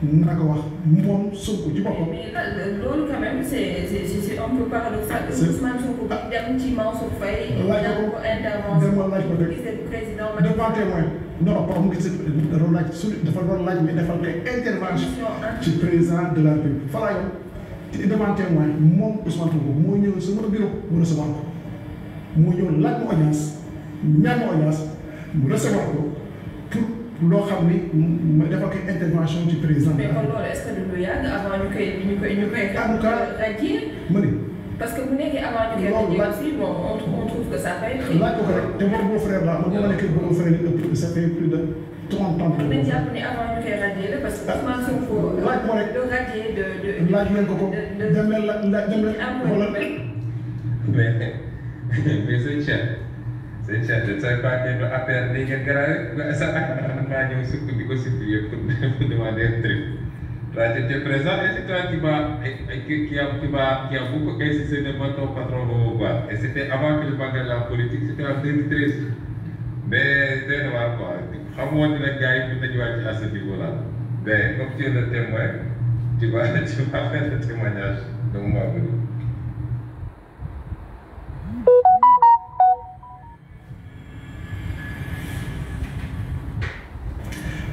na wax ci mais quand même c'est c'est un peu paradoxal. Ousmane Sonko ah. dem ci Faye. ko dem laaj ko président témoin non pas mu ron laaj dafa ron laaj mais defal intervention. président de la République fa devant témoin mom Ousmane Sonko sama bureau mo recevoir ko mo laaj il intervention du président. mais alors, est-ce que le avant nous qu'il ñu koy ñu cas parce que vous n'avez avant ñu on trouve que ça fait. laaj mon pas frère bu frère ça plus de 30 ans. ni avant ñu radier parce que. de ah, Le radier de de de. la mais mais c'est radier. sëñ Cheikh de sa pàccee ba affaire nii ngeen garaawe sa maa ñëw surtout di ko situé pour demander un trip. Là, tu es présent et c'est toi qui, qui, qui, a, qui, a, beaucoup insisté de mettre ton patron au pouvoir. Et c'était avant que le banque de la politique, c'était en 2013. Mais c'est normal quoi. Comment tu les gars qui te à ce niveau-là Mais comme tu es le témoin, tu vas, tu vas faire le témoignage de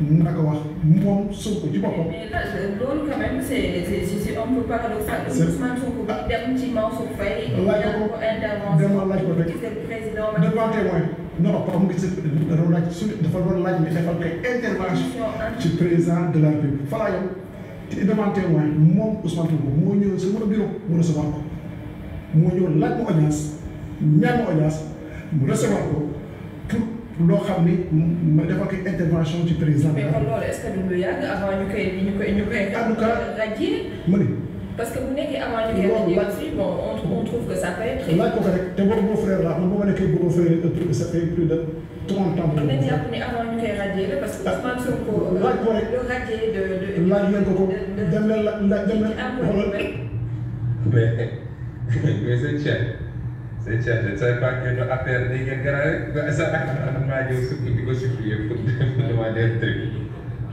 mun wax ci mais quand même c'est c'est un peu paradoxal. Ousmane Sonko bi dem ci Faye. laaj ko laaj ko rek. Je ne non pas mu dafa Je dafa doon laaj mais defal intervention. président de la République pas laa yem. te devant témoin Ousmane Sonko moo ñëw bureau mu recevoir laaj audience audience recevoir ma intervention ci président. mais alors, est-ce que du lu avant ñu koy parce que vous nekkee avant ñu koy radier bon on trouve que ça peut être. laaj ko ko te frère ça fait plus de 30 ans. On avant ñu parce que. de de. la dem mais mais cher. sëñ Cheikh say banque do affaire ni ngeen garaawe sa ak maa ñëw sukk di ko supplier pour demander un truc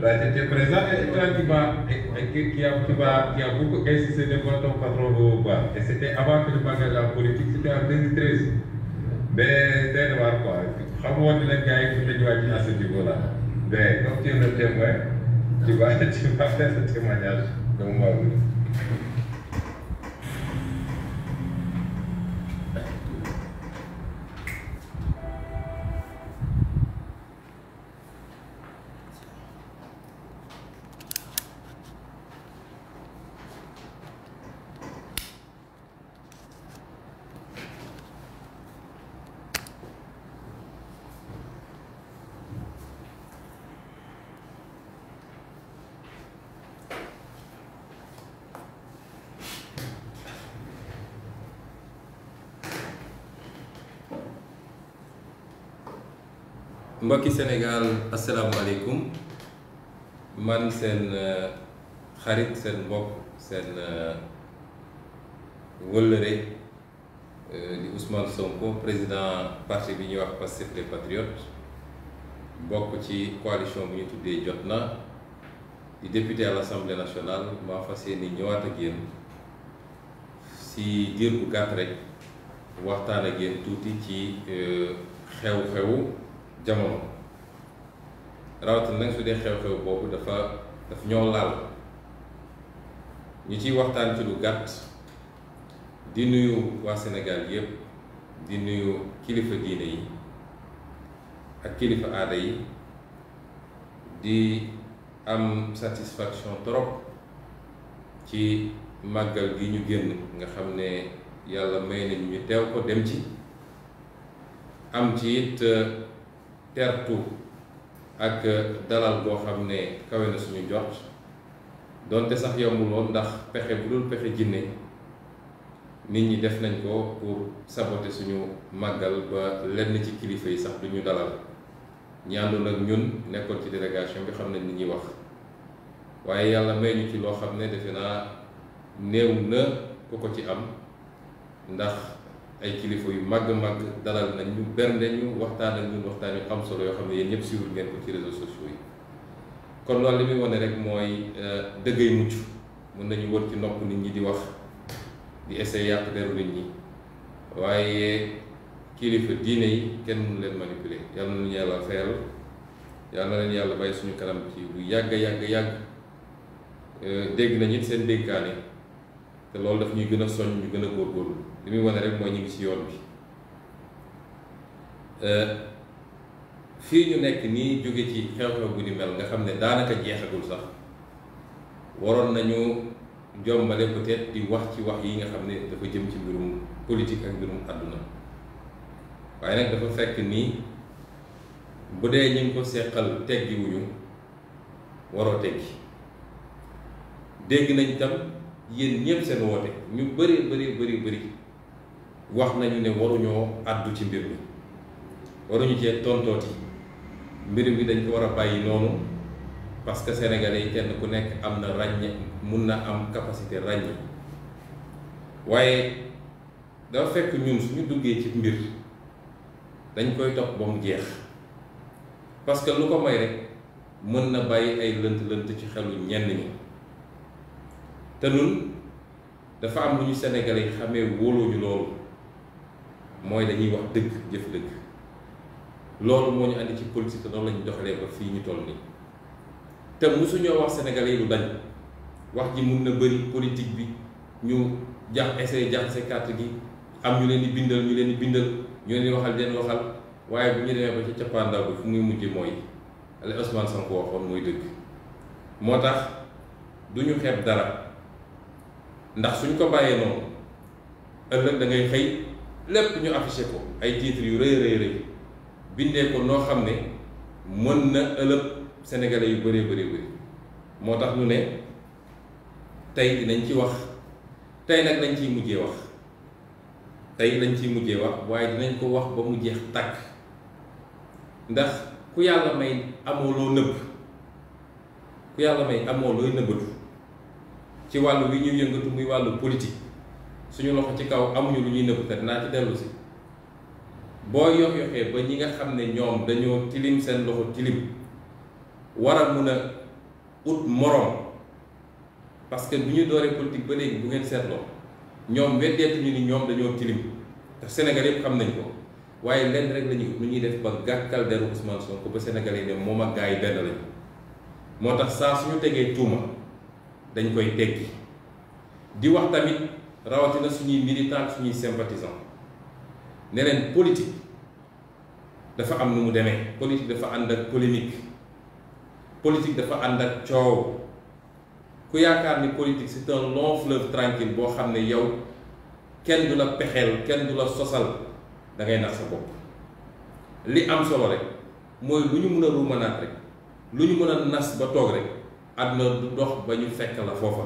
là tu étais présent et toi qui m'as qui a qui a beaucoup insisté devant ton patron Boba et c'était avant que tu m'engages en politique c'était en 2013 mais day na waar quoi xamoon ne la gars yi fi lañu wàcc à ce niveau là mais comme tu es le témoin tu vas tu vas faire ce témoignage donc moi mbokki Sénégal asalaamualeykum man seen euh, xarit seen mbokk seen euh, wëllëre euh, di Ousmane Sonko président parti bi ñuy wax Pastef les Patriotes bokk ci coalition bu ñu tuddee Jotna di député à l'Assemblée nationale maa fas yéene ñëwaat ak yéen si diir bu gàtt rek waxtaan ak yéen tuuti ci xew-xewu. jamono rawat nañ su dee xew-xew bobu dafa daf ñoo laal ñi ci waxtaan ci lu gatt di nuyu wa Sénégal yépp di nuyu kilifa diine yi ak kilifa aada yi di am satisfaction trop ci màggal gi ñu génn nga xam ne yàlla may nañ ñu teew ko dem ci am ci it tertu ak dalal boo xam ne kawe na suñu jot donte sax yombuloon ndax pexe bu dul pexe jinne nit ñi def nañ ko pour saboter suñu màggal ba lenn ci kilifa yi sax duñu dalal ñi àndoon ak ñun nekkoon ci délégation bi xam nañ ni ñuy wax waaye yàlla may ñu ci loo xam ne defe naa néew na ku ko ci am ndax ay kilifa yu màgg màgg dalal nañ ñu bernde ñu waxtaan ak ñun waxtaan yu am solo yoo xam ne yéen ñëpp suivre ngeen ko ci réseaux sociaux yi kon loolu muy wane rek mooy euh, dëggay mucc mën nañu wër ci nopp nit ñi di wax di essayer yàq deru nit ñi waaye kilifa diine yi kenn mënu leen manipuler yàlla na leen yàlla fayal yàlla na leen yàlla bàyyi suñu kanam ci lu yàgg yàgg yàgg euh, dégg nañ it seen dénkaane te loolu daf ñuy gën a soñ ñu gën a góorgóorlu li muy wane rek mooy ñu ngi ci yoon bi euh, fii ñu nekk nii jóge ci xew-xew bu ni mel nga xam ne daanaka jeexagul sax waroon nañu jombale peut-être di wax ci wax yi nga xam ne dafa jëm ci mbirum politique ak mbirum àdduna waaye nag dafa fekk nii bu dee ñu ko seqal teggi wuñu waroo teggi dégg nañ tam yéen ñëpp seen woote ñu bëree bari bëri bëri wax nañu ne waruñoo àddu ci mbir mi waruñu cee tontooti mbirim mi dañ ko war a bàyyi noonu parce que sénégalais yi kenn ku nekk am na ràññe mun na am capacité ràññ waaye dafa fekk ñun suñu duggee ci mbir dañ koy topp ba mu jeex parce que lu ko may rek mën na bàyyi ay lënt-lënt ci xelu ñenn ñi. te nun dafa am lu ñu senegal yi xamee wóolooñu loolu mooy dañuy wax dëgg jëf dëgg loolu moo ñu andi ci politique te noonu la ñu doxalee fii ñu toll nii te mosuñoo wax sénégalais yi lu dañ wax ji mun na bëri politique bi ñu jax essayé jaxase carte gi am ñu leen di bindal ñu leen di bindal ñu leen di waxal leen waxal waaye bu ñu demee ba ci cappaandaw bi fu muy mujj mooy la Ousmane Sonko waxoon mooy dëgg moo tax du ñu dara. ndax suñ ko bàyyee noonu ëllëg dangay ngay xëy lépp ñu affiché ko ay titres yu rëy rëy rëy bindee ko noo xam ne mën na ëllëg sénégalais yu bëree bëri bëri moo tax ñu ne tey dinañ ci wax tey nag dañ ciy mujjee wax tey dañ ciy mujjee wax waaye dinañ ko wax ba mu jeex tàkk ndax ku yàlla may amoo loo nëbb ku yàlla may amoo looy nëbbatu ci walu wi ñuy yëngatu muy walu politique suñu loxo ci kaw amuñu lu ñuy neubut na ci delu ci bo yox yoxee ba ñi nga xam ñom dañoo tilim seen loxo tilim wara mëna ut morom parce que buñu ñu politique ba légui bu ngeen ñom ñoom ñu ni ñom dañoo tilim te Sénégal yépp xam nañ ko waye lén rek lañu ñu ñi def ba gakkal deru Ousmane Sonko ba sénégalais né moma gaay bénn suñu téggé touma dañ koy teggi di wax tamit rawatina suñuy militant suñuy sympathisant ne leen politique dafa am nu mu demee politique dafa ànd ak polémique politique dafa ànd ak coow ku yaakaar ni politique c'est un long fleuve tranquille boo xam ne yow kenn du la pexeel kenn du la sosal da ngay nax sa bopp li am solo rek mooy lu ñu mën a ruumanaat rek lu ñu mën a nas ba toog rek àdduna du dox ba ñu fekk la foofa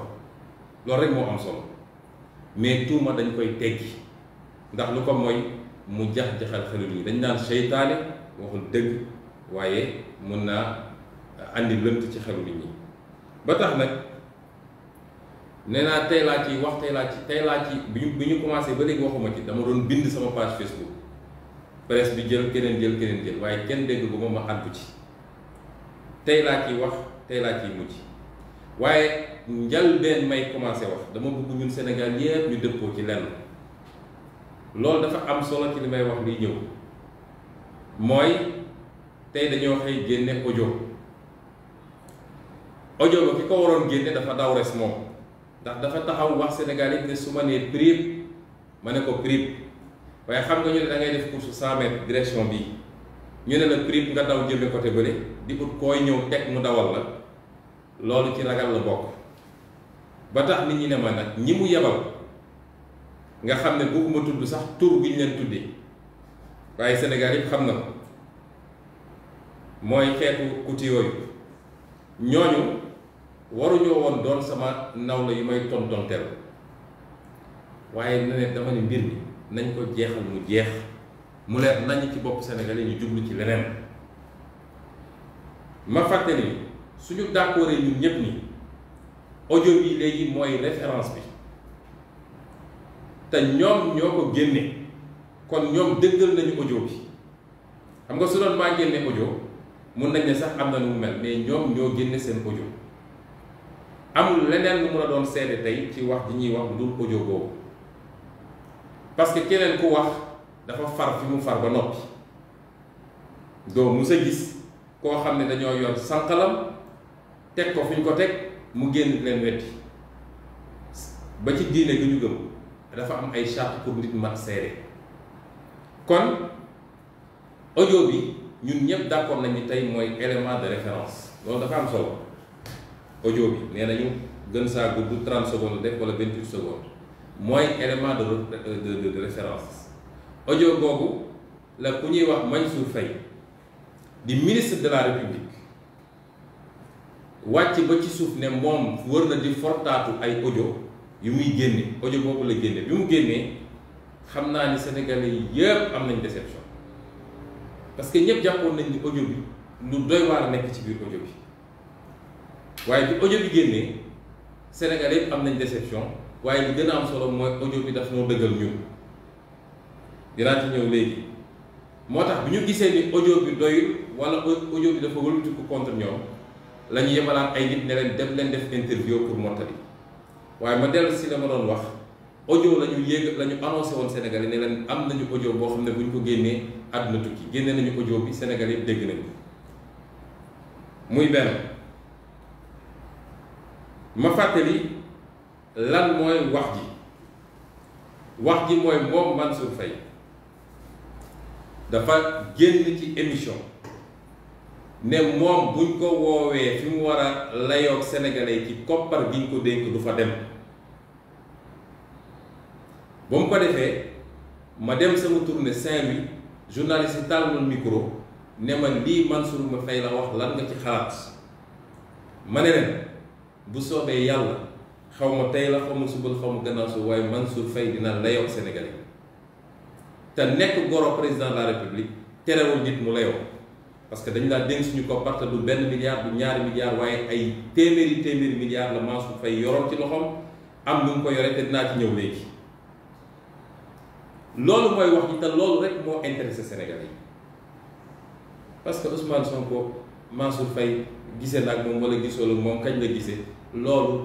loolu rek moo am solo mais tuuma dañ koy teggi ndax lu ko mooy mu jax-jaxal xelu nit ñi dañ naan seytaane waxul dëgg waaye mun naa andi lënt ci xelu li ñi ba tax nag nee naa tey laa ci wax tey laa ci tey laa ci bi ñu bi ñu commencé ba léegi waxuma ci dama doon bind sama page Facebook presse bi jël keneen jël keneen jël waaye kenn dégg bu ma ma àddu ci tey laa ci wax tey laa ciy mujj waaye njalbeen may commencé wax dama bëgg ñun Sénégal yépp ñu dëppoo ci lenn loolu dafa am solo ci li may wax liy ñëw mooy tey dañoo xëy génne audio audio ba ki ko waroon génne dafa daw res moom ndax dafa taxaw wax senegalit yi ne su ma nee prib ma ne ko prib waaye xam nga ñu ne da ngay def course 100 direction bii ñu ne la prib nga daw jëme côté bële di ut kooy ñëw teg mu dawal la loolu ci ragal la bok ba tax nit ñi ne ma nak ñi mu yabal nga bu ko ma tuddu sax tour bi ñu leen tuddé waye Sénégal yi xamna moy kuti yoy kuti waru ñu won doon sama yi may ton ton tel. waye na ne dama ni mbir mi nañ ko jéxal mu jéx mu leer nañ ci bop Sénégal yi ñu jublu ci leneen ma suñu d'accord ñun ñépp ni audio bi léegi mooy référence bi te ñoom ñoo ko génne kon ñoom dëggal nañu audio bi xam nga su doon maa génne audio mun nañ ne sax am na nu mu mel mais ñoom ñoo génne seen audio amul leneen lu mun a doon seede tey ci wax ji ñuy wax lu dul audio boobu parce que keneen ku wax dafa far fi mu far ba noppi doo mus a gis koo xam ne dañoo yor sànqalam teg ko fi ñu ko teg mu génn leen wetti ba ci diine gi ñu gëm dafa am ay charte pour nit mat seere kon audio bi ñun ñëpp d'accord nañu tey mooy élément de référence loolu dafa am solo audio bi nee nañu gën saa gudd 30 secondes def wala 28 secondes mooy élément euh, de de de référence audio boobu la ku ñuy wax Mansour Faye di ministre de la République. wàcc ba ci suuf ne moom wër na di fortaatu ay audio yu muy génne audio boobu la génne bi mu génnee xam naa ni sénégalais yëpp am nañ déception parce que ñëpp jàppoon nañ ni audio bi lu doy waar nekk ci biir audio bi waaye bi ojo bi génnee sénégalais yëpp am nañ déception waaye li gën a am solo mooy ojo bi daf noo dëggal ñun dinaa ci ñëw léegi moo tax bi ñu gisee ni ojo bi doyul wala audio bi dafa wëlbatiku contre ñoom. lañu ñu yebalaan ay nit ne leen dem leen def interview pour mottali waaye ma dellu si la ma doon wax audio lañu ñu yéeg la ñu annoncé woon Sénégal ne leen am nañu audio boo xam ne bu ñu ko génnee àdduna tukki génne nañu audio bi Sénégal yëpp dégg nañu muy benn ma fàttali lan mooy wax ji wax ji mooy moom Mansour Faye dafa génn ci émission ne moom buñ ko woowee fi mu war a layoog sénégalais ci koppar giñ ko dénk du fa dem ba mu ko defee ma dem sama tournée Saint-Louis journaliste yi taal micro ne ma lii Mansour ma fay la wax lan nga ci xalaat ma ne leen bu soobee yàlla xaw ma tey la xaw ma subal xaw ma gannaaw su waaye Mansour Faye dina layoog sénégalais te nekk goro président la république terewul nit mu layoo parce que dañu laa dénk suñu koppar te du benn milliard du ñaari milliard waaye ay téeméeri téeméeri milliard la Mansour Faye yoroon ci loxoom am lu mu ko yore te dinaa ci ñëw léegi loolu mooy wax ji te loolu rek intéressé Sénégalais parce que Ousmane Sonko Mansour Faye gisee nag moom moom kañ la gisee loolu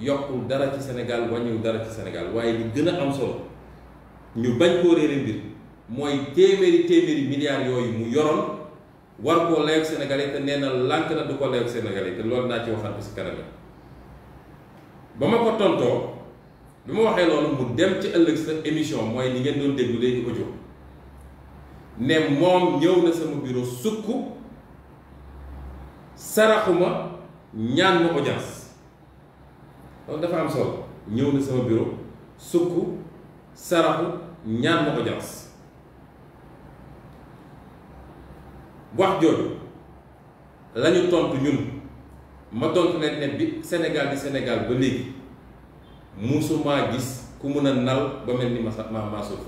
yokkul dara ci Sénégal wàññiwul dara ci Sénégal waaye li gën a am solo ñu bañ koo réere mbir mooy téeméeri téeméeri milliards yooyu mu yoroon. war koo layoog sénégalais te nee na lànk na du ko layoog sénégalais te loolu naa ci waxaat ko si kanam ba ma ko tontoo bi ma waxee loolu mu dem ci ëllëg sa émission mooy li ngeen doon déglu léegi audio ne moom ñëw na sama bureau sukk saraxuma ñaan ma audience loolu dafa am solo wax jooju la ñu tontu ñun ma tontu leen ne bi Sénégal di Sénégal ba léegi musuma gis ku mën a nal ba mel ni ma Mansour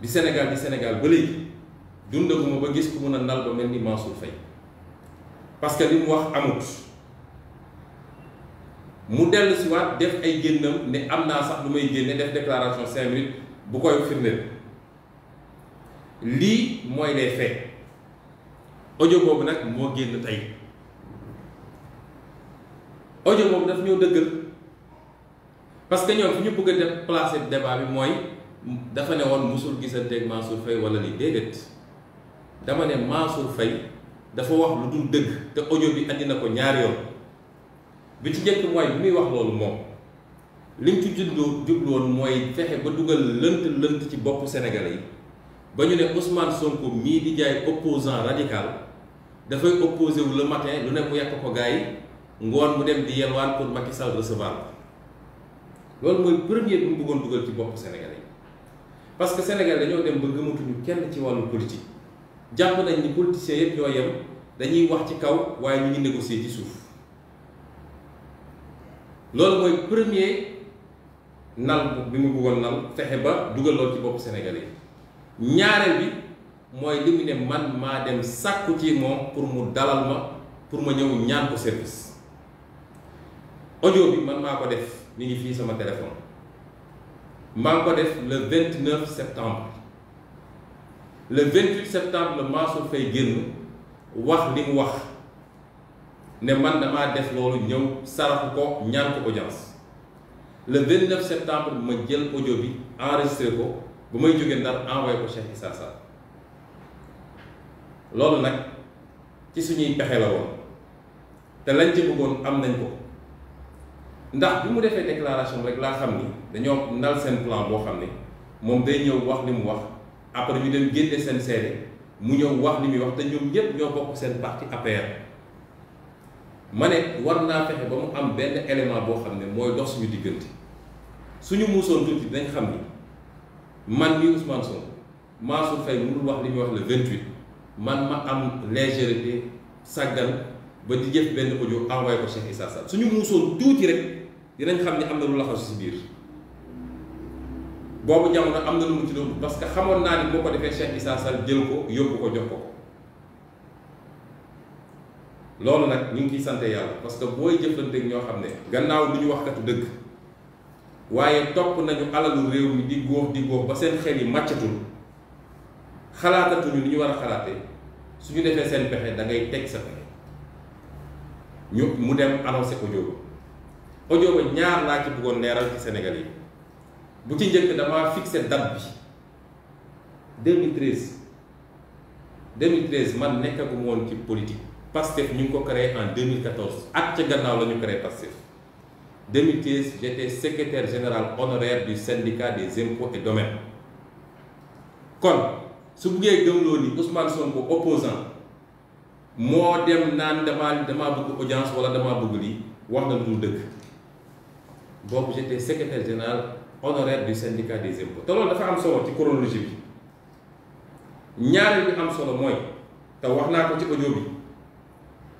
bi Sénégal di Sénégal ba léegi dundaguma ba gis ku mun a nal ba mel ni Mansour Faye parce que li mu wax amut mu dellu si waat def ay génnam ne am naa sax lu may génne def déclaration cinq minutes bu koy firndeel lii mooy les faits audio boobu nag moo génn tey ojo boobu daf ñoo dëggal parce que ñoom fi ñu bëgg a def placer débat bi mooy dafa ne woon musul gisante ak Mansour Faye wala li déedéet dama ne Mansour Faye dafa wax lu dul dëgg te audio bi andi na ko ñaari yoon bi ci njëkk mooy bi muy wax loolu moom liñ ci jublu mooy fexe ba dugal lënt lënt ci boppu Sénégalais yi ba ñu ne Ousmane Sonko mii di jaay opposant radical fay opposé wu le matin lu ne mu yak ko gars ngone mu dem di yelwan pour Macky Sall recevoir lool moy premier bu bëggon duggal ci bopp sénégalais parce que Sénégal dañu dem ba gëmatuñu kenn ci walu politique japp nañ ni politiciens yépp ñoy yam dañuy wax ci kaw waye ñu ngi négocier ci souf lool moy premier nal bi mu bëggon nal fexé ba duggal lool ci bopp sénégalais ñaarël bi. mooy li ne man maa dem sàkku ci moom pour mu dalal ma pour ma ñëw ñaan ko service audio bi man maa ko def mi ngi fii sama téléphone maa ngi ko def le 29 septembre le 28 septembre la Mansour Faye génn wax li mu wax ne man damaa def loolu ñëw saraxu ko ñaan ko audience le 29 septembre ma jël audio bi enregistré ko ba may jógee Ndar envoyé ko Cheikh Issa Sall loolu nag ci suñuy pexe la woon te lañ ci bëggoon am nañ ko ndax bi mu defee déclaration rek laa xam ni dañoo nal seen plan boo xam ne moom day ñëw wax li mu wax après yu dem génne seen seede mu ñëw wax li muy wax te ñoom ñëpp ñoo bokk seen parti APR. ma ne war naa fexe ba mu am benn élément boo xam ne mooy dox suñu diggante suñu muusoon tuuti dinañ xam ni man mii Ousmane Sonko Mansour Faye mënul wax li muy wax le 28. man ma am légèreté sagal ba di jëf benn audio envoyé ko Cheikh isa Sall suñu musoon tuuti rek dinañ xam ni am na lu laxasu si biir boobu jamono am na lu mu ci doon parce que xamoon naa ni boo ko defee Cheikh isa Sall jël ko yóbbu ko jox ko loolu nag ñu ngi ciy sant yàlla parce que booy jëflanteeg ñoo xam ne gannaaw lu ñu wax katu dëgg waaye topp nañu alalu réew mi di góox di góox ba seen xel yi màccatul xalaatatuñu ni ñu war a xalaatee su ñu defee seen pexe da ngay teg sa pexe ñu mu dem annoncé Odioba Odioba ñaar laa ci bëggoon leeral ci Sénégal yi bu ci njëkk damaa fixé date bi 2013 2013 man nekkagum woon ci politique que ñu ngi ko créé en 2014 at ca gannaaw la ñu créé PASTEF 2013 j'étais secretaire général honoraire du syndicat des impôts et domaines kon. su buggee gëmloo ni Ousmane Sonko opposant moo dem naan damaa damaa bëgg audience wala damaa bëgg lii wax na lu dul dëkk boobu j'étais secrétaire général honoraire du syndicat des impôts te dafa am solo ci chronologie bi ñaari bi am solo mooy te naa ci audio bi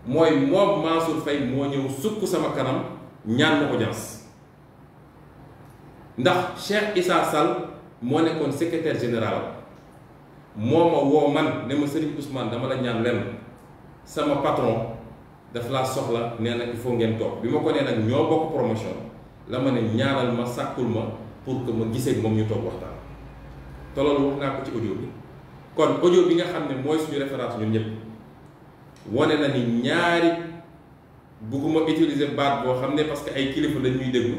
mooy moom Mansour Faye moo ñëw sukk sama kanam ñaan ma audience ndax Cheikh Issa sal moo nekkoon secretaire général moo ma woo man ne ma Serigne Ousmane dama la ñaan lenn sama patron daf laa soxla nee na il faut ngeen toog bi ma ko nee nag ñoo bokk promotion la ma ne ñaanal ma sàkkul ma pour que ma gisee moom ñu toog waxtaan te wax naa ko ci audio bi kon audio bi nga xam ne mooy suñu référence ñun ñëpp wane na ni ñaari bugguma utiliser baat boo xam ne parce que ay kilifa lañ ñuy déglu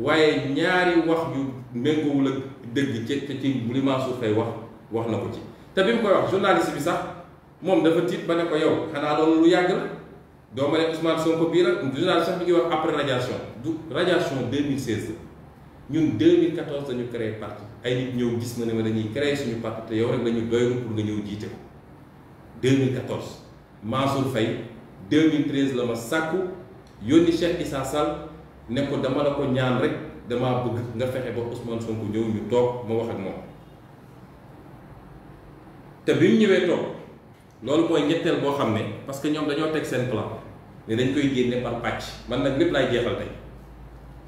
waaye ñaari wax yu méngoowul ak dëgg ci ci li Mansour Faye wax wax na ko ci te bi mu koy wax journaliste bi sax moom dafa tiit ba ne ko yow xanaa loolu lu yàgg la doo ma ne Ousmane Sonko bii la journaliste sax bi ngi wax après radiation du radiation 2016 la ñun 2014 dañu créé parti ay ñëw gis ma ne ma dañuy créé suñu parti te yow rek la ñu doylu pour nga ñëw jiite ko 2014 Mansour Faye 2013 la ma sàkku yónni Cheikh Issa Sall ne ko dama la ko ñaan rek damaa bëgg nga fexe ba Ousmane Sonko ñëw ñu toog ma wax ak moom. te bi mu ñëwee toog loolu mooy ñetteel boo xam ne parce que ñoom dañoo teg seen plan ne dañ koy génne par pàcc man nag lépp laay jeexal tey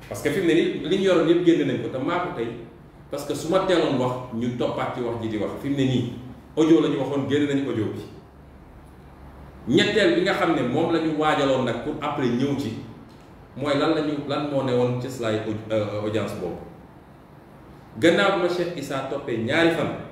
parce que fi mu ne nii li ñu yoroon yëpp génn nañ ko te maa ko tey parce que su ma teeloon wax ñu toppaat ci wax ji di wax fi mu ne nii ojo la ñu waxoon génn nañ audio bi ñetteel bi nga xam ne moom lañu waajaloon nag pour après ñëw ci mooy lan lañu lan moo ne woon ci slide euh, audience boobu gannaaw bi ma Cheikh Issa toppee ñaari fan.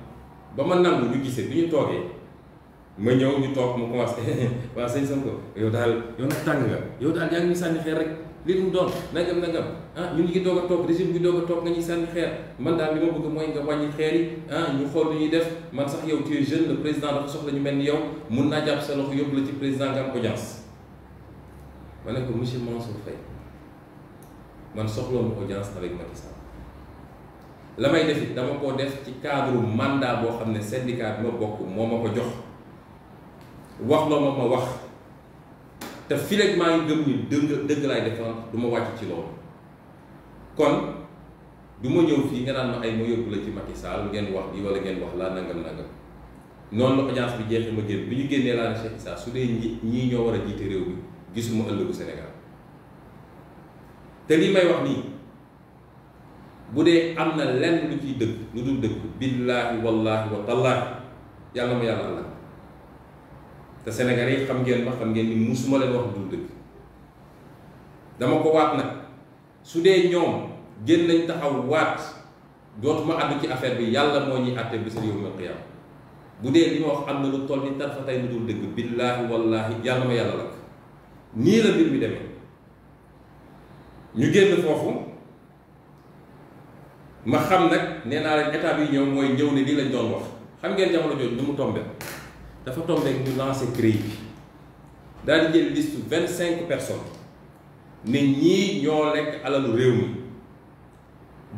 ba ma nangu ñu gisee bi ñu toogee ma ñëw ñu toog mu commencé waaw sëñ Sonko yow daal yow nag tàng nga yow daal yaa ngi ñu sànni xeer rek lii mu doon nagam nagam ah ñun ñu ngi doog a toog régime bi doog a toog nga ñuy sànni xeer man daal li ma bëgg mooy nga wàññi xeer yi ah ñu xool lu ñuy def man sax yow tu es président dafa soxla ñu mel ni yow mun naa jàpp sa loxo yóbbu la ci président nga am audience ma ne ko monsieur Mansour Faye man soxloo ma audience avec Macky la may def it dama ko def ci cadre mandat boo xam ne syndicat bi ma bokk moo ma ko jox wax loo ma ma wax te fileeg maa ngi gëm ni dëgg dëgg laay défendre du ma wàcc ci loolu kon duma ñëw fii nga naan ma ay ma yóbbu la ci Macky Sall ngeen wax bi wala ngeen wax laa nangam nangam noonu la audience bi jeexee ma génn bi ñu génnee laa ne Cheikh Issa su dee ñii ñoo war a jiite réew mi gisuma ëllëgu senegal te lii may wax nii. bu amna am lenn lu ci deug lu dul deug billahi wallahi wa tallah yalla mo yalla la te Sénégalais xam ngeen ma xam ngeen ni musuma len wax dul deug dama ko wat nak su dee ñoom génn nañ taxaw wat dootuma add ci affaire bi yalla mo ñi atté bi yawmal yowul qiyam dee li wax amna lu toll ni tarfa tay dul deug billahi wallahi yalla mo yalla la ni la bir bi demee ñu génn fofu ma xam nak neena len état bi ñew moy ñew ni lii lañ doon wax xam ngeen jamono jooju du mu tomber dafa tomber ñu lancer CREI bi daal di jël liste 25 personnes ne ñi ño lek alalu rew mi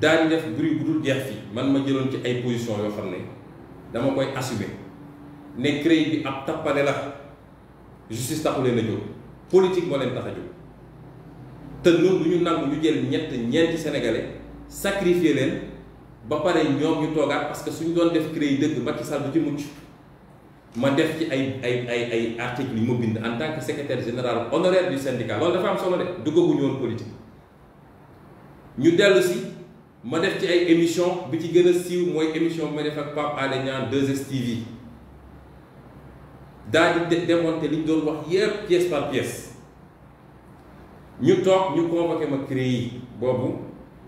da di def bruit bu dul jeex fi man ma jëlon ci ay position yo xamne dama koy assumer ne CREI bi ab tappale la justice taxu leen a politique mo leen tax te ñun duñu nangu ñu jël ñett ñent sénégalais. sacrifier leen ba paré ñom ñu toogaat parce que suñ doon def créer deug Macky Sall du ci mucc ma def ci ay ay ay ay articles yu ma bind en tant que secrétaire général honoraire du syndicat loolu dafa am solo de duggaguñu won politique ñu dellu ci ma def ci ay émission bi ci gëna a siiw mooy émission bi ma def ak Pape Alé Niang 2STV daal di démonter li ñu doon wax yépp pièce par pièce ñu toog ñu convoqué ma créer boobu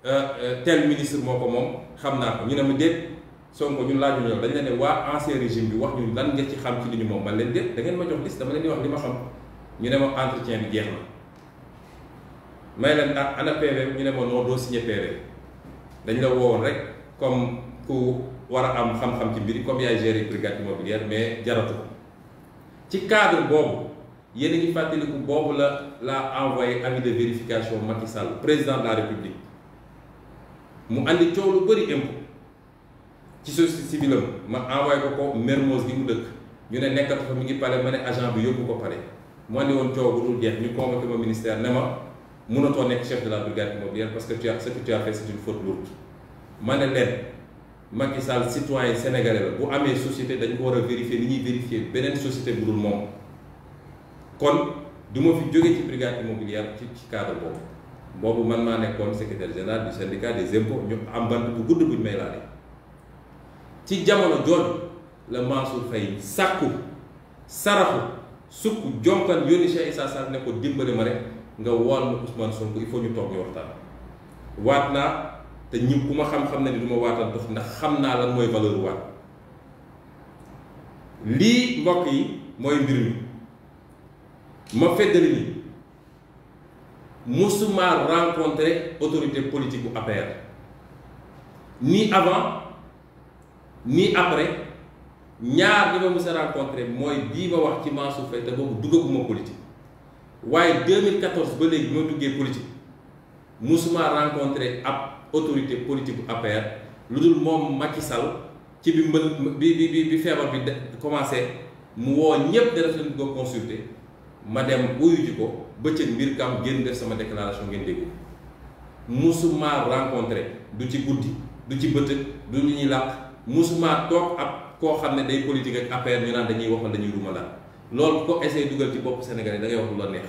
Euh, euh, tel ministre moko mom xamna ñu ne ñun dañ régime bi wax ñu lan nga ci xam ci li ñu mom ba leen da ngeen ma jox liste dama leen wax xam ñu ne entretien bi jeex na may leen ana PV ñu ne signé dañ la rek comme ku war a am xam-xam ci mbiri comme yaay gérer brigade immobilière mais jaratu ci cadre boobu yéen a ngi fàttaliku boobu la la envoyé de vérification Macky Sall président de la République mu andi coow lu bëri impôt ci société civile am ma envoyé ko ko Mermoz gi mu dëkk ñu ne nekkat fa mi ngi pale ma ne agent bi yóbbu ko pale mu andi woon coow bu dul jeex ñu convoqué ma ministère ne ma mënatoo nekk chef de la brigade immobilière parce que tu as ce que tu as fait c'est une faute lourde ma ne leen Macky Sall citoyen sénégalais la bu amee société dañ ko war a vérifier ni ñuy vérifier beneen société bu dul moom kon du ma fi jóge ci brigade immobilière ci ci cadre boobu boobu man maa nekkoon secrétaire général du syndicat des impôts ñu am bant bu gudd bu ñu may laale ci jamono jooju la Mansour Faye sàkku sarafu sukk jonkan yónni Cheikh Issa Sall ne ko dimbali ma rek nga wool ma Ousmane Sonko il faut ñu toog ñu waxtaan waat naa te ñi ku ma xam-xam ne ni du ma waatal dox ndax xam naa lan mooy valeur waat lii mbokk yi mooy mbir mi ma feddali ni Moussouma rencontré autorité politique bu APR ni avant ni après ñaar ñi ma mës a rencontré mooy bii ma wax ci souffert de beaucoup de politique. politique en 2014 ba léegi ma politiques. politique Moussouma rencontré l'autorité autorité politique bu APR lu dul moom Macky Sall ci bi bi bi bi feebar bi commencé mu consulter ma dem uyu ji ko bëccëg mbir kam génn def sama déclaration ngeen dégg musuma rencontré du ci guddi du ci bëtëg du ñu ñuy làq musuma toog ab koo xam ne day politique ak affaire ñu naan dañuy waxal dañuy ruumalaan loolu ko essayé dugal ci bopp Sénégalais da ngay wax lu la neex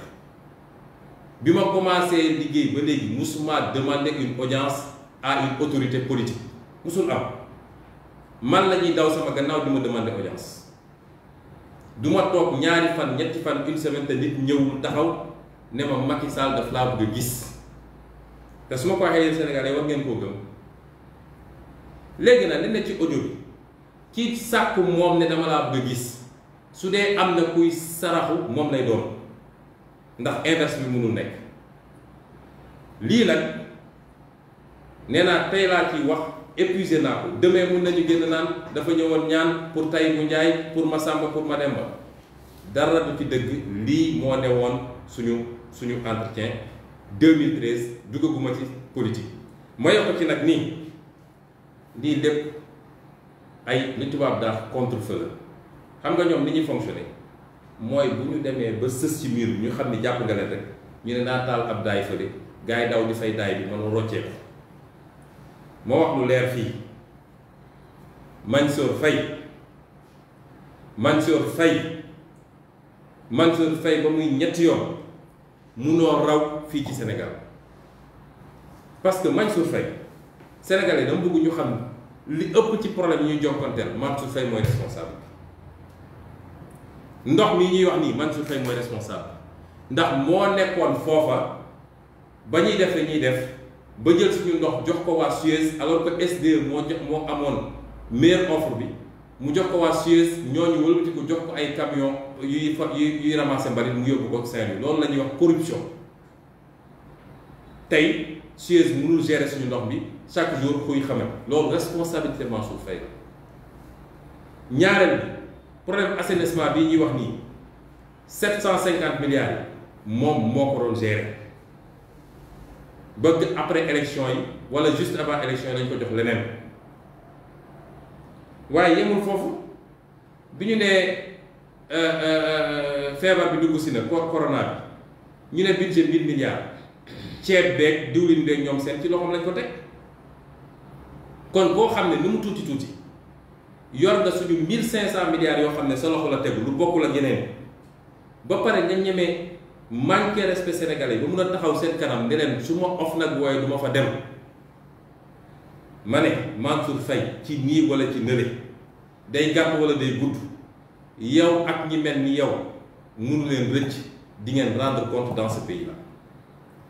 bi ma commencé liggéey ba léegi musuma demandé une audience à une autorité politique musul am man lañuy ñuy daw sama gannaaw di ma demandé audience du ma toog ñaari fan ñetti fan une semaine te nit ñëwul taxaw ne ma Macky Sall daf laa bëgg a gis te su ma ko waxee yéen Sénégalais war ngeen koo gëm léegi nag li ne ci audio bi kii sàkku moom ne dama laa bëgg a gis su dee am na kuy saraxu moom lay doon ndax inverse bi mënul nekk lii nag nee naa tey laa ciy wax. épuisé naa ko demee mun nañu génn naan dafa ñëwoon ñaan pour tay bu njaay pour Masamba pour Mademba dara du ci dëgg lii moo ne woon suñu suñu entretien 2013 duggaguma ci politique ma yokk ci nag nii lii lépp ay li tubaab daal contre la xam nga ñoom ni ñuy fonctionner mooy bu ñu demee ba sës ci miir bi ñu xam ni jàpp nga leen rek ñu ne naa taal ab daay fële gars yi daw di fay daay bi man rocceeku moo wax lu leer fii Mansour Faye Mansour Faye Mansour ba muy ñetti yoon munoo raw fii ci senegal parce que Mansour Faye sénégalais dama bëgg ñu xam li ëpp ci problème yi ñu jonkanteel Mansour Faye mooy responsable ndox mi ñuy wax nii Mansour Faye mooy responsable ndax moo nekkoon foofa ba ñuy def la ñuy def ba jël suñu ndox jox ko waa Suez alors que SDE moo jox moo amoon meilleure offre bi mu jox ko waa Suez ñooñu wëlbati ko jox ko ay camion yuy fa yuy ramasser mbalit mu yóbbu ko Saint-Louis loolu la ñuy wax corruption tey Suez mënul gérer suñu ndox bi chaque jour xuy xamam loolu responsabilité Mansour Faye ñaareel bi problème assainissement bii ñuy wax nii 750 milliards yi moom moo ko doon gérer. bëgg après élection yi wala juste avant élection yi lañ ko jox leneen waaye yemul foofu bi ñu nee euh, euh, euh, feebar bi dugg si na corona bi ñu ne budget mille milliards ceeb beeg diwlin beeg ñoom seen ci loxoom lañ ko teg kon boo xam ne lu mu tuuti tuuti yor nga suñu mille cinq cent milliards yoo xam ne sa loxo la tegu lu bokkul ak yeneen ba pare nga ñemee manqué respect sénégalais taxaw ne suma pas ma of fa dem mané Mansour fay ci ni wala ci suis day gàtt wala day gudd yow ak ñi melni yow mënu di rendre compte dans ce pays là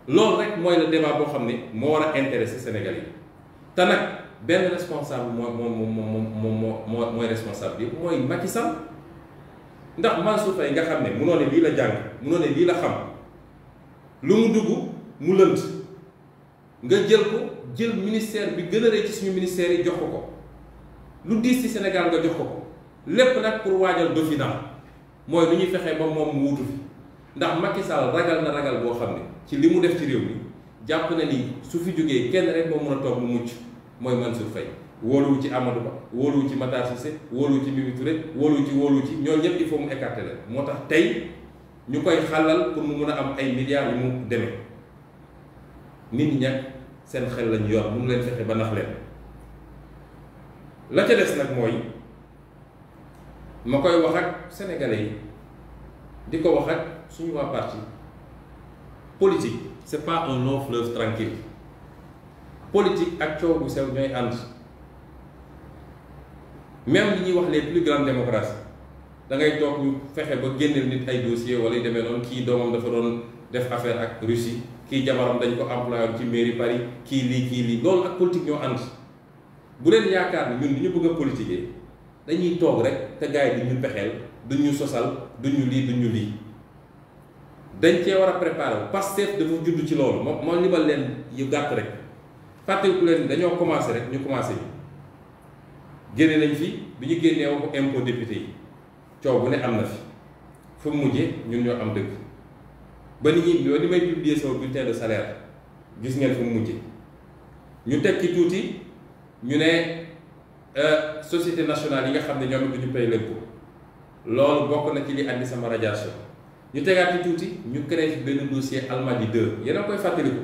lool rek le débat bo xamné mo wara intéresser sénégalais responsable responsable bi Macky ndax Mansour Faye nga xam ne munoo ne lii la jàng munoo ne lii la xam lu mu dugg mu lënt nga jël ko jël ministère bi gën a rëy ci suñu ministère yi jox ko ko lu diis ci Sénégal nga jox ko ko lépp nag pour waajal dauphinat mooy lu ñuy fexee ba moom mu wutu fi ndax Macky ragal na ragal boo xam ne ci li mu def ci réew mi jàpp na ni su fi jógee kenn rek moo mën a toog mu mucc mooy Mansour Faye wooluwu ci Amadou Ba wóoluwu ci Matar Cissé wóoluwu ci Mimi Touré wóoluwu ci wóoluwu ci ñoo ñëpp il faut mu écarter moo tax tey ñu koy xàllal pour mu mun a am ay milliards yu mu demee nit ñi ñàkk seen xel lañu yor mënu leen fexe ba nax leen la ca des nag mooy ma koy wax ak sénégalais yi di ko wax ak suñu waa parti politique c'est pas un long fleuve tranquille politique ak coow bu sew ñooy ànd même li ñuy wax les plus grandes démocraties da ngay toog ñu fexe ba génneel nit ay dossier wala yu demee noonu kii doomam dafa doon def affaire ak Russie kii jabaram dañ ko employé woon ci mairie Paris kii lii kii lii loolu ak politique ñoo ànd bu leen yaakaar ni ñun li ñu bëgg a politiquer dañuy toog rek te gars yi ñu pexeel duñ sosal duñu lii duñ ñu lii dañ cee war a préparer Pastef dafa judd ci loolu moom moo li leen yu gàtt rek fàttewu leen dañoo commencé rek ñu commencé génne nañ fi biñu impôt député yi coow am na fi ñun ñoo bulletin de salaire gis ngeen fu ñu tuuti ñu euh, société nationale yi nga xam ne ñoom bokk na ci li andi sama ñu tuuti ñu créé dossier des 2 yéen koy fàttaliku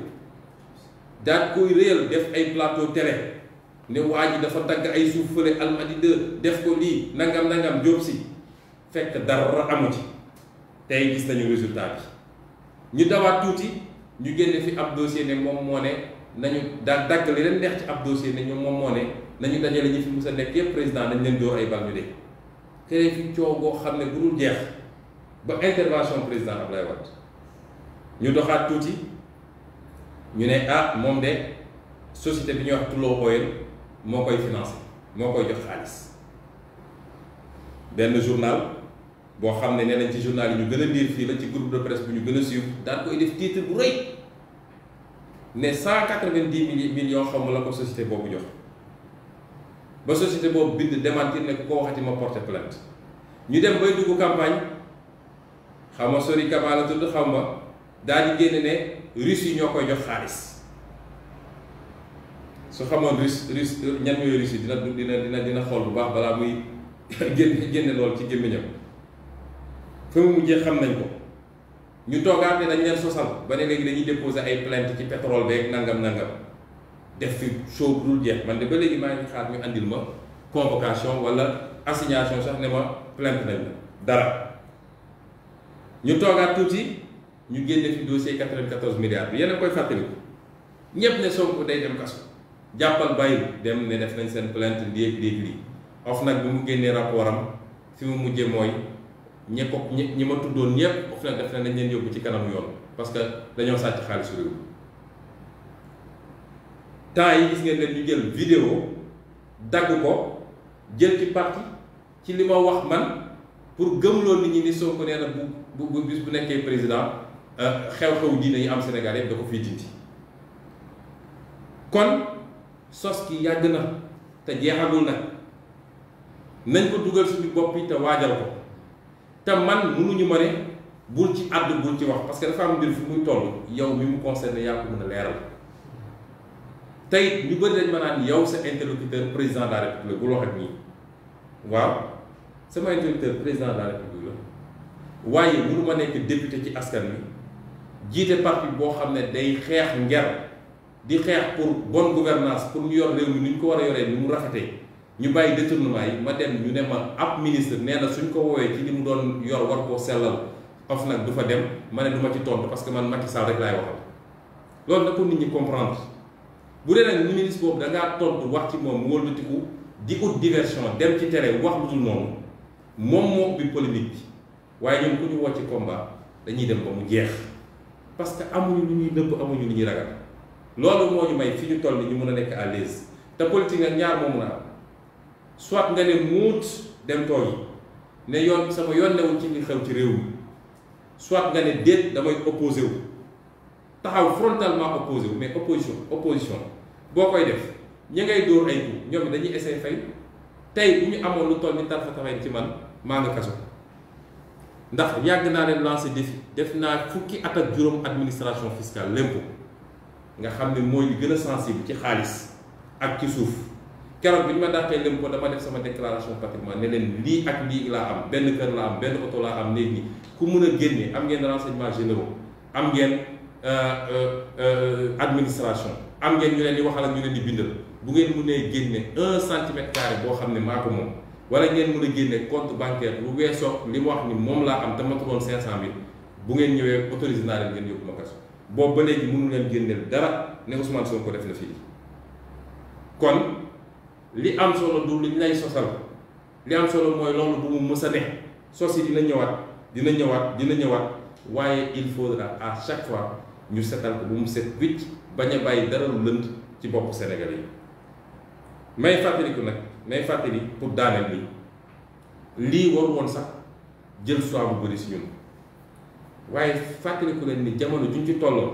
réel plateau télé. ne waa ji dafa dagg ay suuf fële almadi def ko lii nangam nangam jóob si fekk dara amu ci tey gis nañu résultat bi ñu dawaat tuuti ñu génne fi ab dossier ne moom moo ne nañu daal dagg li leen neex ci ab dossier ne moom moo nañu dajale ñi fi mus a nekk yëpp président dañ leen dóor ay bal ñu de te fi coow boo xam ne bu dul jeex ba intervention président Abdoulaye Wade ñu doxaat tuuti ñu ne ah moom de société bi ñuy wax Tullow Oil moo koy financé moo koy jox xaalis benn journal boo xam ne nee ci journal yi ñu gën a journal, la ci groupe de presse bu ñu gën a daan koy def titre bu ne cent millions xam ma ko société boobu jox ba société démentir ne ko waxati ma porter plainte ñu dem bay dugg campagne xam ma sori la tudd ma daal di ne Russes jox su xamoon risque risque ñan yooyu risque dina dina dina dina xool bu baax balaa muy génn génne lool ci gémmiñam fa mu mujjee xam nañ ko ñu toogaat ne dañ leen sosal ba ne léegi dañuy déposer ay plainte ci pétrole beeg nangam nangam def fi show bu dul jeex man de ba léegi maa ngi xaar ñu andil ma convocation wala assignation sax ne ma plainte nañ la dara ñu toogaat tuuti ñu génne fi dossier 94 milliards bi yéen a koy fàttaliku ñëpp ne Sonko day dem kaso. jappal bay dem ne def nañ sen plainte lii ak lii ak lii OFNAC bi mu génnee rapport fi mu mujjé moy ñi ko ñi ñi ma tuddoon ñëpp OFNAC def nañ leen yóbbu ci kanam yoon parce que dañu sacc xaliss rew tay gis ngeen leen ñu jël vidéo dag ko jël ci parti ci lima wax man pour gëmloo nit ñi ni soko neena bu bu bis bu nekké président euh, xew-xew diina yi am sénégalais da ko fi kon sos ki yàgg na te jeexagul nag nañ ko dugal suñu bopp yi te waajal ko te man mënuñu ma ne bul ci àdd bul ci wax parce que dafa am mbir fu muy toll yow mi mu concerné yaa ko mën a leeral tey ñu bëri dañ ma naan yow sa interlocuteur président de la république bul wax ak ñii waaw sama interlocuteur président de la république la waaye mënu ma nekk député ci askan wi jiite parti boo xam ne day xeex nger di xeex pour bonne gouvernance pour ñu yor réew mi ñu ko war a yoree ni mu rafetee ñu bàyyi détournement yi ma dem ñu ne ma ab ministre nee na suñ ko woowee ci li mu doon yor war koo sellal of nag du fa dem ma ne du ma ci tontu parce que man Macky Sall rek laay waxal loolu na ko nit ñi comprendre bu dee nag ministre boobu da ngaa tontu wax ci moom wëlbatiku di ut diversion dem ci tere wax lu dul noonu moom moo bi polémique bi waaye ñun ku ñu woo ci dañuy dem ba mu jeex parce que amuñu lu ñuy nëbb amuñu lu ñuy ragal. loolu moo ñu may fi ñu toll ni ñu mën a nekk à l'aise te politique nga ñaar moom mun a am soit nga ne muut dem tool yi ne yoon sama yoon newul ci li xew ci réew mi soit nga ne déet damay opposé wu taxaw frontalement opposé mais opposition opposition boo koy def ñi ngay dóor ay coup ñoom dañuy essayer fay tey bu ñu amoon lu toll ni tarfa taxaw ci man maa nga kaso ndax yàgg naa ne lancer défi def naa fukki at ak juróom administration fiscale l'impôt nga xam ne mooy li gën a sensible ci xaalis ak ci suuf keroog bi ñu ma dàqee lëm ko dama def sama déclaration patrimoine ne leen lii ak lii laa am benn kër laa am benn oto laa am néeg nii ku mun a génne am ngeen renseignement généraux am ngeen euh, euh, euh, administration am ngeen ñu leen di waxal la ñu leen di bindal bu ngeen mënee génne un centimètre carré boo xam ne maa ko moom wala ngeen mën a génne compte bancaire lu weesoo li wax ni moom laa am dama turoon cinq cent mille bu ngeen ñëwee autorisé naa leen ngeen yóbbu ma kaso boobu ba léegi mënu leen génneel dara ne Ousmane ko def na fii kon li am solo du li lay sosal li am solo mooy loolu bu mu mës a ne sos yi dina ñëwaat dina ñëwaat dina ñëwaat waaye il faudra à chaque fois ñu setal ko bu mu set wicc bañ a bàyyi dara lu lënd ci bopp Sénégal yi may fàttaliku nag may fàttali pour daaneel bi lii waru woon sax jël soi bu bëri si ñun waaye fàttaliku leen ni jamono juñ ci tolloon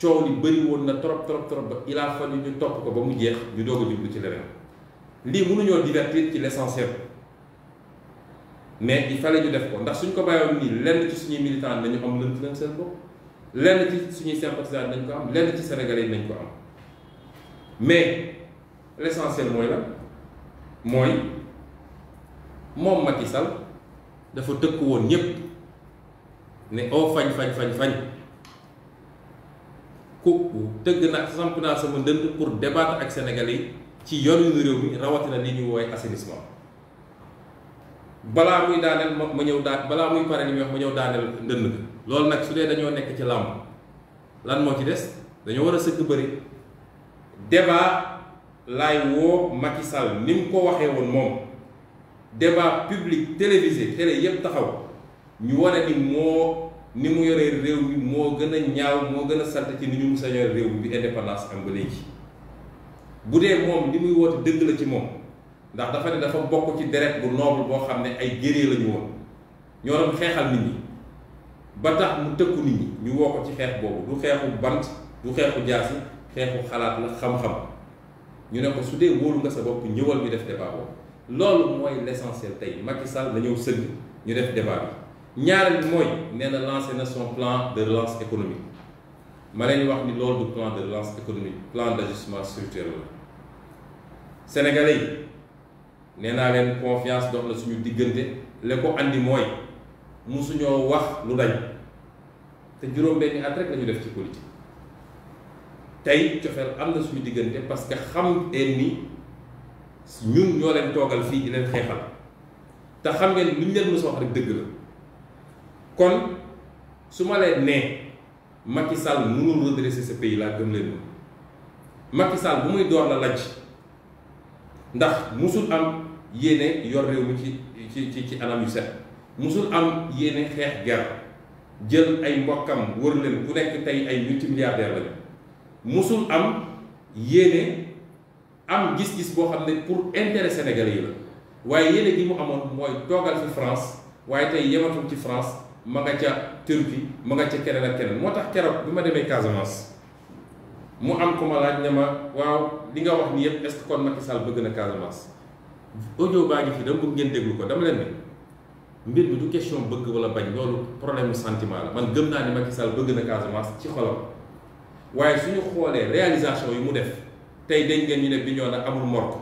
coow li bëri woon na trop trop trop ba il a fallu ñu topp ko ba mu jeex ñu doog a ci leneen lii mënuñoo divertir ci l'essentiel mais il fallait ñu def ko ndax suñ ko bàyyoon nii lenn ci suñuy militants nañu am lënt seen bopp lenn ci suñuy sympathisants nañ ko am lenn ci sénégalais yi nañ ko am mais l'essentiel mooy la mooy moom Macky Sall dafa dëkk woon ñépp ne o fañ fañ fañ fañ ku tëgg na samp naa sama ndënd pour débattre ak sénégal yi ci yorinu réew mi rawatina li ñu woowee assainissement balaa muy daaneel ma ma ñëw daan balaa muy pare ma ñëw daaneel ndënd loolu nag su dee dañoo nekk ci làmb lan moo ci des dañoo war a sëkk bari débat laay woo Macky Sall ni mu ko waxee woon moom débat public télévisé télé yépp taxaw ñu war a ni moo ni mu yoree réew mi moo gën a ñaaw moo gën a salte ci ni ñu mus réew mi bi indépendance am ba léegi bu dee moom li muy woote dëgg la ci moom ndax dafa ne dafa bokk ci deret bu noble boo xam ne ay guerrier lañu woon ñoo doon xeexal nit ñi ba tax mu tëkku nit ñi ñu woo ko ci xeex boobu du xeexu bant du xeexu jaasi xeexu xalaat la xam-xam ñu ne ko su dee wóolu nga sa bopp ñëwal ñu def débat boobu loolu mooy l'essentiel tey Macky Sall la ñëw sëgg ñu def débat ñaareel bi mooy nee na lancé na son plan de relance économique ma leen wax ni loolu du plan de relance économique plan d' ajustement la Sénégalais yi nee naa leen confiance dox na suñu diggante la ko andi mooy musuñoo wax lu dañ te juróom-benni at rek la def ci politique tey cofeel am na suñu diggante parce que xam ngeen si ñun ñoo leen toogal fii di leen xeexal te xam ngeen luñ leen mës wax rek dëgg la. kon su ma leen nee Macky Sall mënul redresser sa pays laa gëm leen ma Macky Sall bu muy door la lajj ndax musul am yéene yor réew mi ci ci ci ci anam yu set musul am yéene xeex guerre jël ay mbokkam wër bu ku nekk tey ay multimilliardaire lañu musul am yéene am gis-gis boo xam ne pour intérêt sénégalais yi la waaye yéene gi mu amoon mooy toogal fi France waaye tey yematul ci France ma nga ca Turquie ma nga ca keneen ak keneen moo tax keroog bi ma demee Casamance mu am ko ma laaj ne ma waaw li nga wax ni yëpp est-ce que kon Macky bëgg na Casamance audio baa ngi fi dama bëgg ngeen déglu ko dama leen ne mbir mi du question bëgg wala bañ loolu problème mu sentiment la man gëm naa ma Macky Sall bëgg na Casamance ci xolam waaye suñu xoolee réalisation yi mu def tey dañ ngeen ñu ne Bignona amul morgue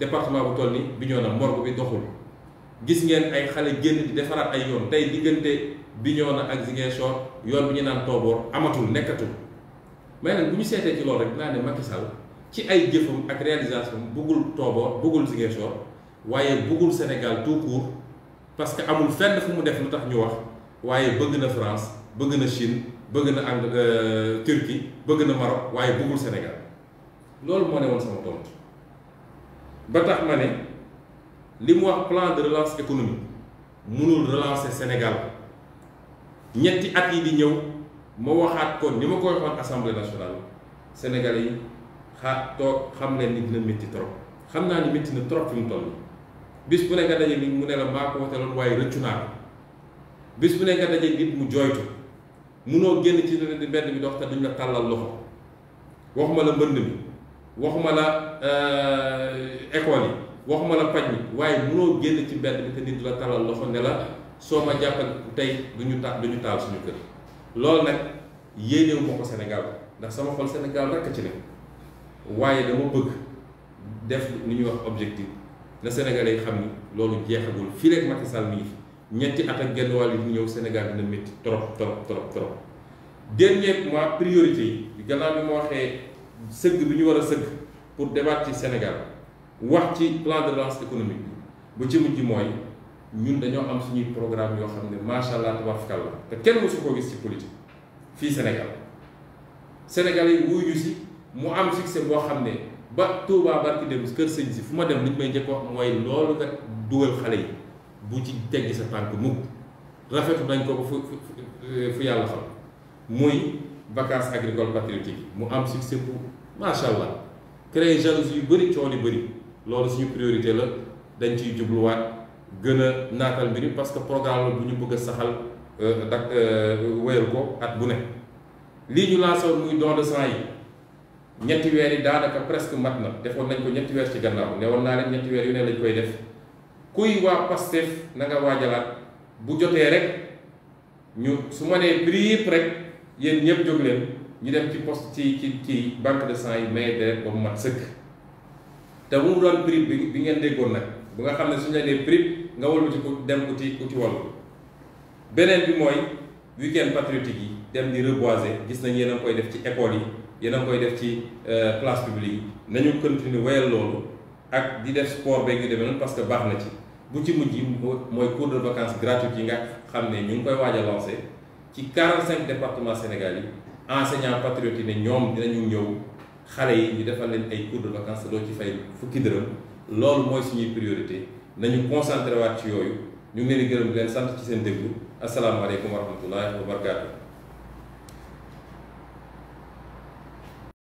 département bu toll ni Bignona morgue bi doxul gis ngeen ay xale génn defaraat ay yoon tey diggante na ak Ziguinchor yoon bi ñu naan tooboor amatul nekkatul mais nag bu ñu seetee ci loolu rek naa ne Macky ci ay jëfam ak réalisation bëggul tooboor bëggul Ziguinchor waaye bëggul Sénégal tout parce que amul fenn fu mu def lu tax ñu wax waaye bëgg na France bëgg na Chine bëgg na ang euh, Turquie bëgg na Maroc waaye bëggul Sénégal loolu moo ne woon sama tontu ba tax ma ne li mu wax plan de relance économique mënul relancer Sénégal ñetti at yi di ñëw ma waxaat ko ni ma ko waxoon assemblée nationale sénégalais yi xaar toog xam leen ni dina métti trop xam naa ni métti na trop fi mu toll bis bu ne nga daje nit mu ne la maa ko woteeloon waaye rëccu naa ko bis bu ne nga daje nit mu jooytu munoo génn ci ne di mbedd bi dox te duñ la tàllal loxo waxuma la mbënd mi waxuma la euh, école yi waxuma la paj mi waaye munoo génn ci mbedd bi te nit du la tàllal loxo ne la soo ma jàppal tey du ñu taal du ñu taal suñu kër loolu nag yéenewu ma ko Sénégal ndax sama xol senegal rekk a ci ne waaye dama bëgg def ni ñuy wax objectif na Sénégalais yi xam ni loolu jeexagul fii rek Macky Sall ngi ñetti at ak genn wàll yi ñëw Sénégal dina métti trop trop trop trop. dernier mois priorité yi gannaaw bi ma waxee sëgg bi ñu war a sëgg pour demaat ci Sénégal wax ci plan de relance économique bu ci mujj mooy. ñun dañoo am suñuy programme yoo xam ne macha allah tabaarkalla te kenn mosu koo gis ci politique fii Sénégal Sénégal yi wuyu si mu am succès boo xam ne ba Touba barki dem kër sëñ si fu ma dem li may njëkk mooy loolu nga dugal xale yi bu ci teggi sa tànk mukk rafetu nañ ko ba fu fu yàlla xam muy vacances agricoles patriotiques mu am succès bu macha allah créer jalousie yu bëri coono yu bëri loolu suñu priorité la dañ ciy jubluwaat. gën a naatal mbiri parce que programme la bu ñu bëgg a saxal dak euh, euh, wéyal ko at bu ne lii ñu lancé woon muy don de sang yi ñetti weer yi daanaka presque mat na defoon nañ ko ñetti weer ci gannaaw ne woon naa leen ñenti weer yu ne lañ koy def kuy waa Pastef na nga waajalaat bu jotee rek ñu su ma nee briip rek yéen ñëpp jóg leen ñu dem ci poste ci ci ci banque de sang yi mais de ba mu mat sëkk te bu mu doon briip bi bi ngeen déggoon nag. bu nga xam ne suñu la nee prip nga walbati ku dem uti uti wallu beneen bi mooy weekend patriotique yi dem di reboiser gis nañ yéen a koy def ci école yi yéen a koy def ci place euh, publique yi nañu continuer wéyal loolu ak di def sport beeg yu demee noonu parce que baax na ci bu ci mujj mooy cours de vacances gratuite yi nga xam ne ñu ngi koy waaja a lancé ci 45 départements Sénégal yi enseignants patriotes yi ne ñoom dinañu ñëw xale yi ñu defal leen ay cours de vacances doo ci fay fukki dërëm. loolu mooy suñuy priorité nañu concentré waat ci yooyu ñu ngi leen di gërëm di leen sant ci seen déglu asalaamaaleykum wa rahmatullahi wa barakaatu.